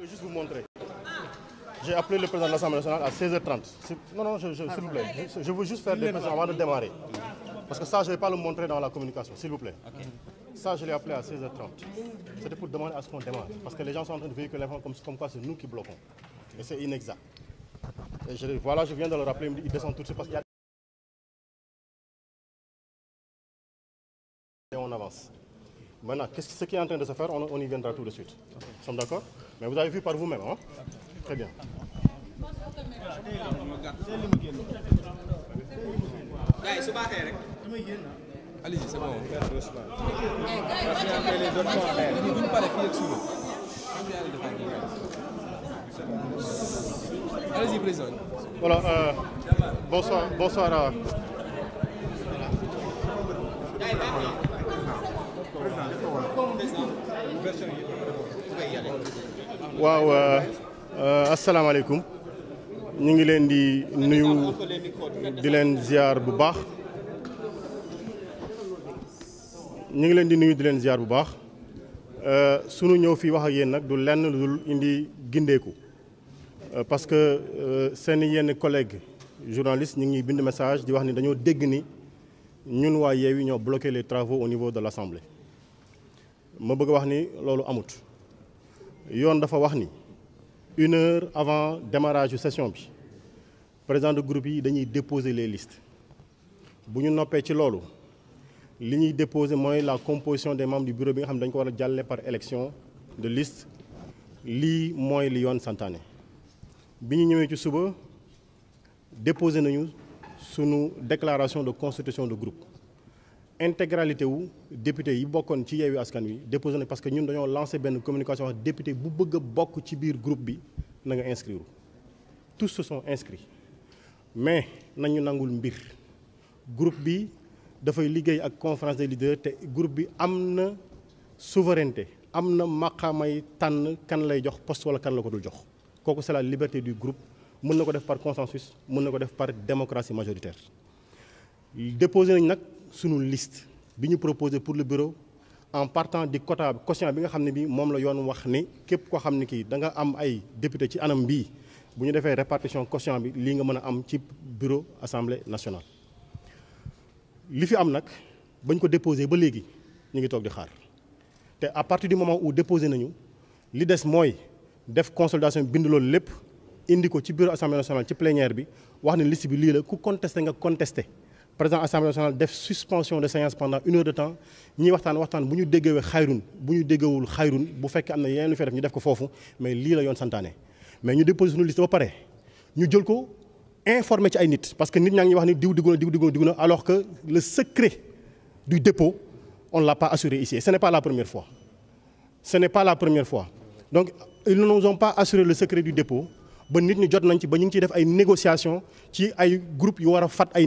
Je vais juste vous montrer. J'ai appelé le président de l'Assemblée nationale à 16h30. Non, non, s'il vous plaît. Je, veux juste faire des présentations avant de démarrer. Parce que ça, je ne vais pas le montrer dans la communication, s'il vous plaît. Ça, je l'ai appelé à 16h30. C'était pour demander à ce qu'on démarre. Parce que les gens sont en train de véhiculer comme, comme quoi c'est nous qui bloquons. Et c'est inexact. Et je, voilà, je viens de le rappeler, il ils descendent tout de suite parce qu'il y a... Et on avance. Maintenant, quest ce qui est en train de se faire, on, y viendra tout de suite. sommes d'accord Mais vous avez vu par vous-même. Hein Très bien. Hein, Allez-y, c'est bon. Allez-y, président. Voilà. Euh, bonsoir, bonsoir à. waaw uh, uh, asalaamaaleykum ñu ngi leen di nuyu di leen ziar bu baax ñu ngi leen di nuyu di leen ziar bu baax uh, sunu ñëw fii wax ak yéen nag du lenn dul indi gindeeku parce que seen yenn collègues journalistes ñu ngi bind message di wax ni dañoo dégg ni ñun waa Yewwi ñoo bloqué les travaux au niveau de l'Assemblée je bëgg a wax ni loolu amut yoon dafa wax une heure avant démarrage de la session le président du groupe yi dañuy déposer les listes bu ce noppee ci loolu déposer la composition des membres du bureau qui nga xam déposés par élection de liste lii mooy li yoon santaane bi ñu ñëwee ci suba déposer nañu déclaration de constitution de groupe intégralité wu député yi bokkoon ci Yewwi Askan Wi déposé parce que ñun avons lancé une communication député bu bëgg a bokk ci groupe bi na nga inscrire tous se sont inscrits mais nañu nangul mbir groupe bi dafay à ak conférence des leaders te groupe bi am souveraineté Amna na maqaamay tànn kan lay jox poste wala kan la jox c'est la liberté du groupe mën ko def par consensus mën ko def par démocratie majoritaire déposé nañ une liste bi ñu proposé pour le bureau en partant du quota quotient bi nga xamné bi mom la yoon wax ni képp ko xamné ki da nga am ay député ci anam bi bu ñu répartition quotient bi li nga mëna am ci bureau assemblée nationale li fi am nak bañ ko déposer ba légui ñu ngi tok di xaar te à partir du moment où déposer nañu li dess moy def consolidation bind loolu lépp indi ko ci bureau assemblée nationale ci plénière bi wax ne liste bi li la ku contester nga contester président assemblée nationale def suspension de séance pendant une heure de temps ñiy waxtaan waxtaan bu ñu déggewee xayrun bu ñu déggewul xayrun bu fekkee am na yeneen lu fee def ñu def ko mais nous la yoon santaane mais ñu déposé suñu liste ba pare ñu jël ko informé ci ay parce que nit ñaa wax ni diw diggu na diw alors que le secret du dépôt on l'a pas assuré ici ce n'est pas la première fois ce n'est pas la première fois donc ils ne nous ont pas assuré le secret du dépôt ba nit fait jot nañ ci ba ñu ngi ciy def ay négociations ci ay fat ay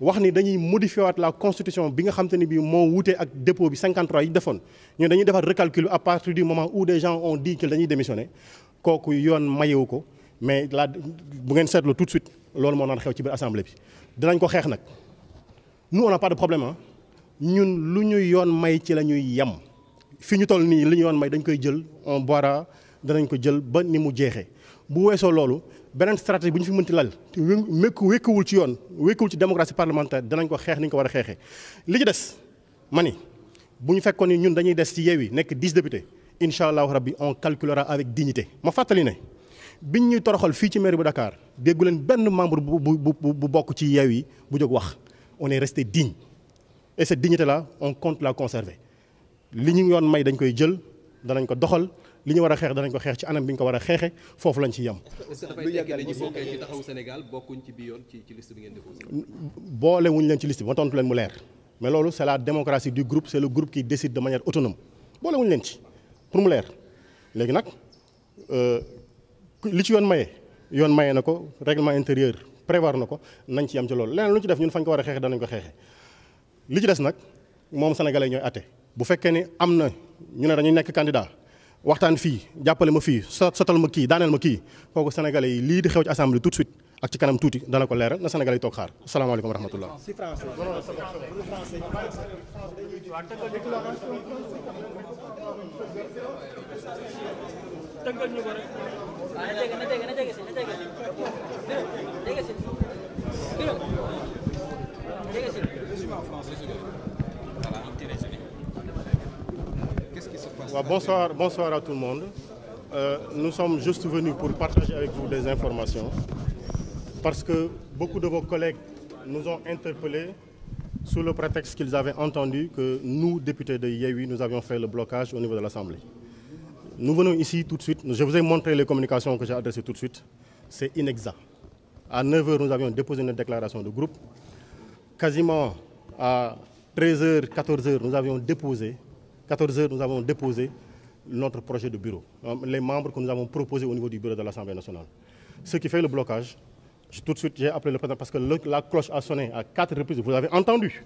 wax ni dañuy modifier waat la constitution bi nga xam te ne bii moo ak dépôt bi 53 yi defone ñu dañuy defar recalcul à partir du moment où des gens ont dit que dañuy démissionner kooku yoon mayewu ko mais la bu ngeen sétlo tout de suite lool mo naan xew ci biir assemblée bi. dinañ ko xeex nak nous on a pas de problème ah ñun lu ñu yoon may ci lañuy yam yem fi ñu toll nii li yoon may dañ koy jël on boira danañ ko jël ba ni mu jéxé bu wéso loolu benen stratégie buñ fi mënti lal te wékku wékkuwul ci yoon wékkuwul ci démocratie parlementaire dañ ko xex ni ko wara xexé li ci dess mani buñ fekkone ñun dañuy dess ci yewi nek 10 députés inshallah allahu rabbi on calculera avec dignité ma fatali né biñ ñuy toroxal fi ci maire bu Dakar déggu leen benn membre bu bu bu bokk ci yewi bu jog wax on est resté digne et cette dignité là on compte la conserver li ñu yoon may dañ koy jël dañ ko doxal. li ñu war a xeex ko xex ci anam biñ ko wara xexé fofu lañ ci yam yem. boole wuñ leen ci liste bi tontu leen mu leer mais lolu c'est la démocratie du groupe c'est le groupe qui décide de manière autonome boole wuñ leen ci pour mu leer nak euh li ci yoon mayé yoon mayé nako règlement intérieur prévoir nako nañ ci yam ci lolu leneen lu ci def ñun fañ ko wara a dañ ko xexé li ci dess nak mom sénégalais ñoy atte bu fekké ni amna ñu né dañuy nek candidat waxtan fi jappale ma fi sotal ma ki danel ma ki koku sénégalais yi li di xew ci assemblée tout de suite ak ci kanam touti dana ko leeral na sénégalais tok xaar asalaamaaleykum wa rahmatullah bonsoir, bonsoir à tout le monde. Euh, nous sommes juste venus pour partager avec vous des informations parce que beaucoup de vos collègues nous ont interpellés sous le prétexte qu'ils avaient entendu que nous, députés de Yehui, nous avions fait le blocage au niveau de l'Assemblée. Nous venons ici tout de suite. Je vous ai montré les communications que j'ai adressées tout de suite. C'est inexact. À 9h, nous avions déposé une déclaration de groupe. Quasiment à 13h, 14h, nous avions déposé 14 heures, nous avons déposé notre projet de bureau, euh, les membres que nous avons proposés au niveau du bureau de l'Assemblée nationale. Ce qui fait le blocage, tout de suite j'ai appelé le président parce que la cloche a sonné à quatre reprises, vous avez entendu.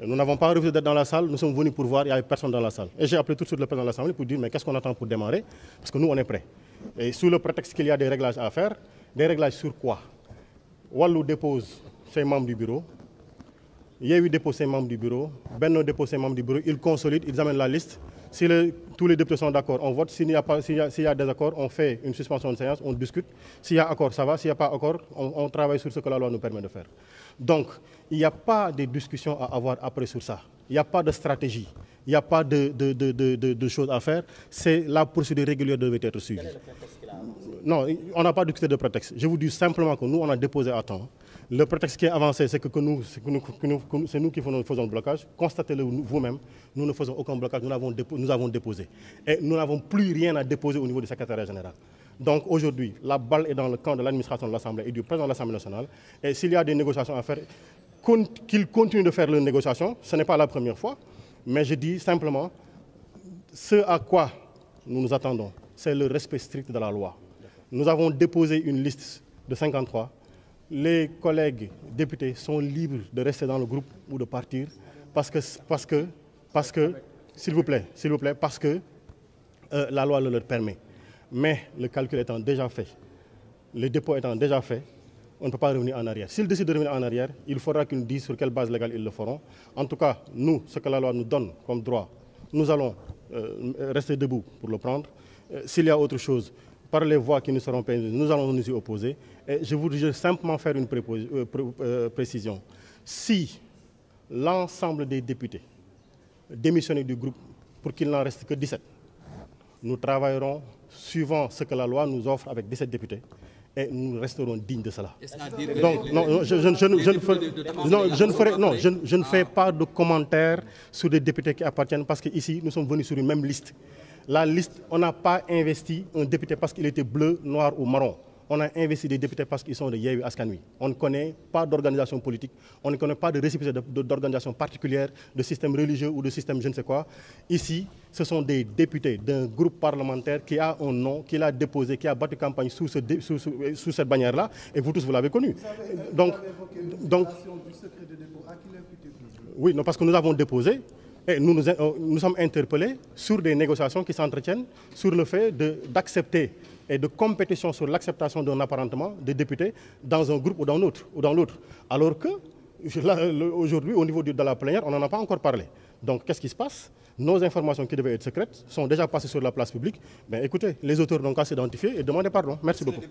nous n'avons pas refusé d'être dans la salle, nous sommes venus pour voir, il n'y avait personne dans la salle. Et j'ai appelé tout de suite le président de l'Assemblée pour dire mais qu'est-ce qu'on attend pour démarrer Parce que nous on est prêts. Et sous le prétexte qu'il y a des réglages à faire, des réglages sur quoi Wallou dépose ses membres du bureau, eu y a membres du bureau, Benno déposé membres du bureau, ils consolident, ils amènent la liste. Si tous les députés sont d'accord, on vote. S'il y, a des accords, on fait une suspension de séance, on discute. S'il y a accord, ça va. S'il n'y a pas accord, on, travaille sur ce que la loi nous permet de faire. Donc, il n'y a pas de discussion à avoir après sur ça. Il n'y a pas de stratégie. Il n'y a pas de, choses à faire. C'est la procédure régulière devait être suivie. Non, on n'a pas discuté de prétexte. Je vous dis simplement que nous, on a déposé à temps. Le prétexte qui est avancé, c'est que, nous, c'est nous, qui faisons, le blocage. Constatez-le vous-même, nous ne faisons aucun blocage, nous avons, déposé, Et nous n'avons plus rien à déposer au niveau du secrétaire général. Donc aujourd'hui, la balle est dans le camp de l'administration de l'Assemblée et du président de l'Assemblée nationale. Et s'il y a des négociations à faire, qu'il continuent de faire les négociations, ce n'est pas la première fois. Mais je dis simplement, ce à quoi nous nous attendons, c'est le respect strict de la loi. Nous avons déposé une liste de 53 les collègues députés sont libres de rester dans le groupe ou de partir parce que, parce que, s'il vous plaît, s'il vous plaît, parce que euh, la loi le leur permet. Mais le calcul étant déjà fait, le dépôt étant déjà fait, on ne peut pas revenir en arrière. S'ils décident de revenir en arrière, il faudra qu'ils nous disent sur quelle base légale ils le feront. En tout cas, nous, ce que la loi nous donne comme droit, nous allons euh, rester debout pour le prendre. Euh, s'il y a autre chose, par les voix qui nous seront permises, nous allons nous y opposer. Et je voudrais simplement faire une euh, euh, précision. Si l'ensemble des députés démissionnent du groupe pour qu'il n'en reste que 17, nous travaillerons suivant ce que la loi nous offre avec 17 députés et nous resterons dignes de cela. Donc, je, ne fais pas de commentaires sur des députés qui appartiennent parce qu'ici, nous sommes venus sur une même liste la liste, on n'a pas investi un député parce qu'il était bleu, noir ou marron. On a investi des députés parce qu'ils sont de Yehu Askanui. On ne connaît pas d'organisation politique, on ne connaît pas de récipient d'organisation particulière, de système religieux ou de système je ne sais quoi. Ici, ce sont des députés d'un groupe parlementaire qui a un nom, qui l'a déposé, qui a battu campagne euh, sous, cette bannière-là, et vous tous, vous l'avez connu. Vous euh, donc, du secret de dépôt. À qui oui, non, parce que nous avons déposé et nous, euh, nous, sommes interpellés sur des négociations qui s'entretiennent sur le fait d'accepter et de compétition sur l'acceptation d'un apparentement des députés dans un groupe ou dans l'autre. Ou dans l'autre. Alors que aujourd'hui, au niveau de la plénière, on n'en a pas encore parlé. Donc qu'est-ce qui se passe Nos informations qui devaient être secrètes sont déjà passées sur la place publique. Ben, écoutez, les auteurs n'ont qu'à s'identifier et demander pardon. Merci beaucoup.